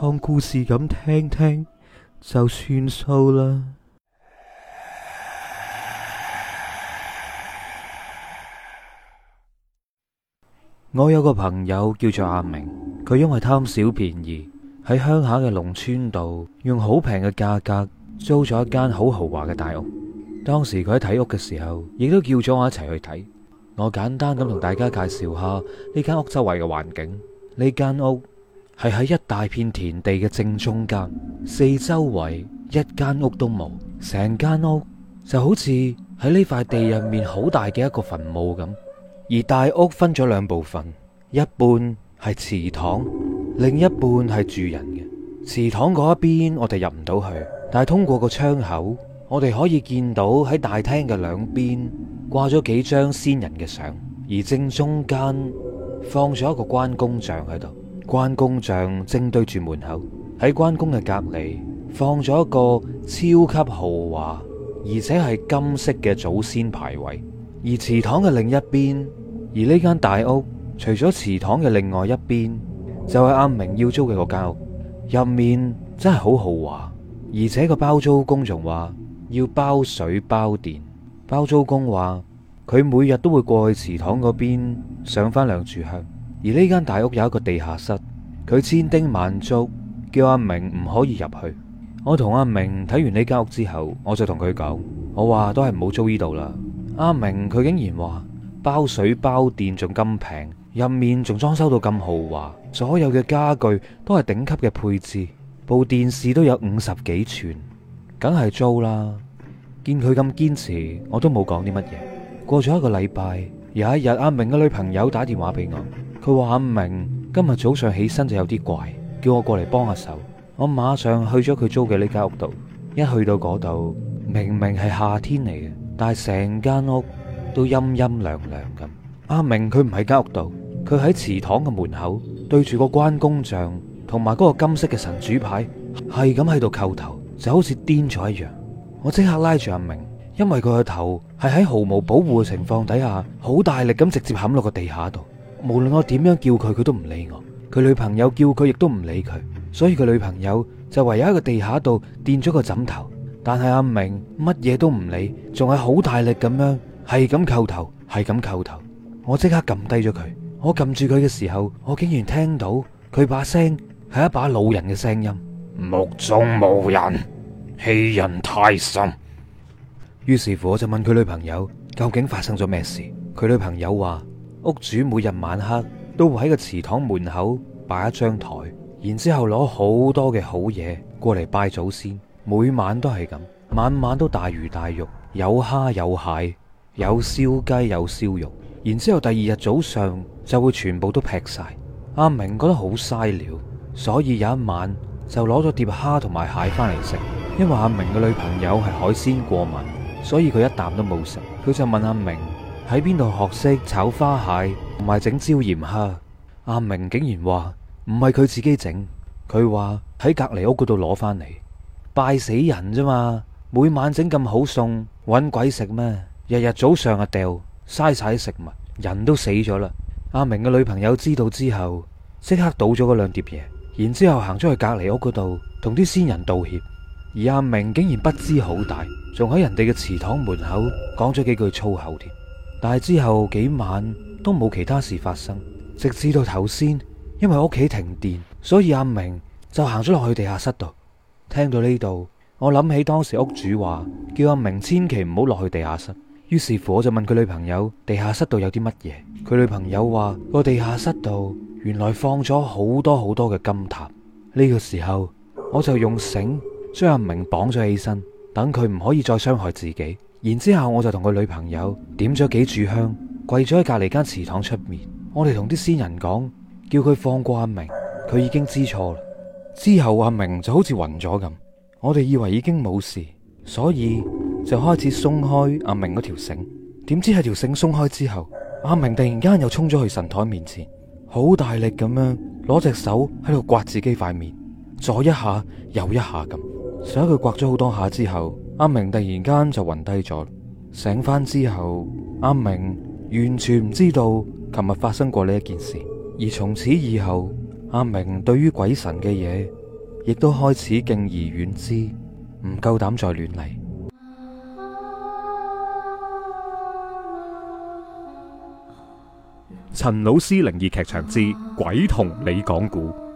當故事咁聽聽就算數啦。我有個朋友叫做阿明，佢因為貪小便宜，喺鄉下嘅農村度用好平嘅價格租咗一間好豪華嘅大屋。當時佢喺睇屋嘅時候，亦都叫咗我一齊去睇。我簡單咁同大家介紹下呢間屋周圍嘅環境，呢間屋。係喺一大片田地嘅正中間，四周圍，一間屋都冇，成間屋就好似喺呢塊地入面好大嘅一個墳墓咁。而大屋分咗兩部分，一半係祠堂，另一半係住人嘅。祠堂嗰一邊我哋入唔到去，但係通過個窗口，我哋可以見到喺大廳嘅兩邊掛咗幾張先人嘅相，而正中間放咗一個關公像喺度。關公像正對住門口，喺關公嘅隔籬放咗一個超級豪華，而且係金色嘅祖先牌位。而祠堂嘅另一邊，而呢間大屋除咗祠堂嘅另外一邊，就係阿明要租嘅嗰間屋，入面真係好豪華，而且個包租公仲話要包水包電。包租公話佢每日都會過去祠堂嗰邊上翻兩柱香。而呢間大屋有一個地下室，佢千叮萬囑叫阿明唔可以入去。我同阿明睇完呢間屋之後，我就同佢講：我話都係唔好租呢度啦。阿明佢竟然話包水包電仲咁平，入面仲裝修到咁豪華，所有嘅家具都係頂級嘅配置，部電視都有五十幾寸，梗係租啦。見佢咁堅持，我都冇講啲乜嘢。過咗一個禮拜，有一日阿明嘅女朋友打電話俾我。佢話阿明今日早上起身就有啲怪，叫我過嚟幫下手。我馬上去咗佢租嘅呢間屋度。一去到嗰度，明明係夏天嚟嘅，但係成間屋都陰陰涼涼咁。阿明佢唔喺間屋度，佢喺祠堂嘅門口對住個關公像同埋嗰個金色嘅神主牌，係咁喺度叩頭，就好似癲咗一樣。我即刻拉住阿明，因為佢個頭係喺毫無保護嘅情況底下，好大力咁直接冚落個地下度。無論我點樣叫佢，佢都唔理我；佢女朋友叫佢，亦都唔理佢。所以佢女朋友就唯有喺個地下度墊咗個枕頭。但係阿明乜嘢都唔理，仲係好大力咁樣，係咁叩頭，係咁叩頭。我即刻撳低咗佢。我撳住佢嘅時候，我竟然聽到佢把聲係一把老人嘅聲音。目中無人，欺人太甚。於是乎，我就問佢女朋友究竟發生咗咩事。佢女朋友話。屋主每日晚黑都會喺個祠堂門口擺一張台，然之後攞好多嘅好嘢過嚟拜祖先。每晚都係咁，晚晚都大魚大肉，有蝦有蟹，有燒雞有燒雞，有燒肉。然之後第二日早上就會全部都劈晒。阿明覺得好嘥料，所以有一晚就攞咗碟蝦同埋蟹翻嚟食。因為阿明嘅女朋友係海鮮過敏，所以佢一啖都冇食。佢就問阿明，喺邊度學識炒花蟹同埋整椒鹽蝦？阿明竟然話唔係佢自己整，佢話喺隔籬屋嗰度攞翻嚟，拜死人啫嘛！每晚整咁好餸，揾鬼食咩？日日早上啊掉，嘥晒食物，人都死咗啦！阿明嘅女朋友知道之後，即刻倒咗嗰兩碟嘢，然之後行出去隔籬屋嗰度同啲先人道歉，而阿明竟然不知好歹，仲喺人哋嘅祠堂門口講咗幾句粗口添。但係之後幾晚都冇其他事發生，直至到頭先，因為屋企停電，所以阿明就行咗落去地下室度。聽到呢度，我諗起當時屋主話，叫阿明千祈唔好落去地下室。於是乎，我就問佢女朋友，地下室度有啲乜嘢？佢女朋友話個地下室度原來放咗好多好多嘅金塔。呢個時候我就用繩將阿明綁咗起身，等佢唔可以再傷害自己。然之後，我就同佢女朋友點咗幾炷香，跪咗喺隔籬間祠堂出面。我哋同啲先人講，叫佢放過阿明，佢已經知錯啦。之後阿明就好似暈咗咁，我哋以為已經冇事，所以就開始鬆開阿明嗰條繩。點知喺條繩鬆，鬆開之後，阿明突然間又衝咗去神台面前，好大力咁樣攞隻手喺度刮自己塊面，左一下右一下咁。所以佢刮咗好多下之後。阿明突然間就暈低咗，醒翻之後，阿明完全唔知道琴日發生過呢一件事。而從此以後，阿明對於鬼神嘅嘢，亦都開始敬而遠之，唔夠膽再亂嚟。陳老師靈異劇場之鬼同你講故。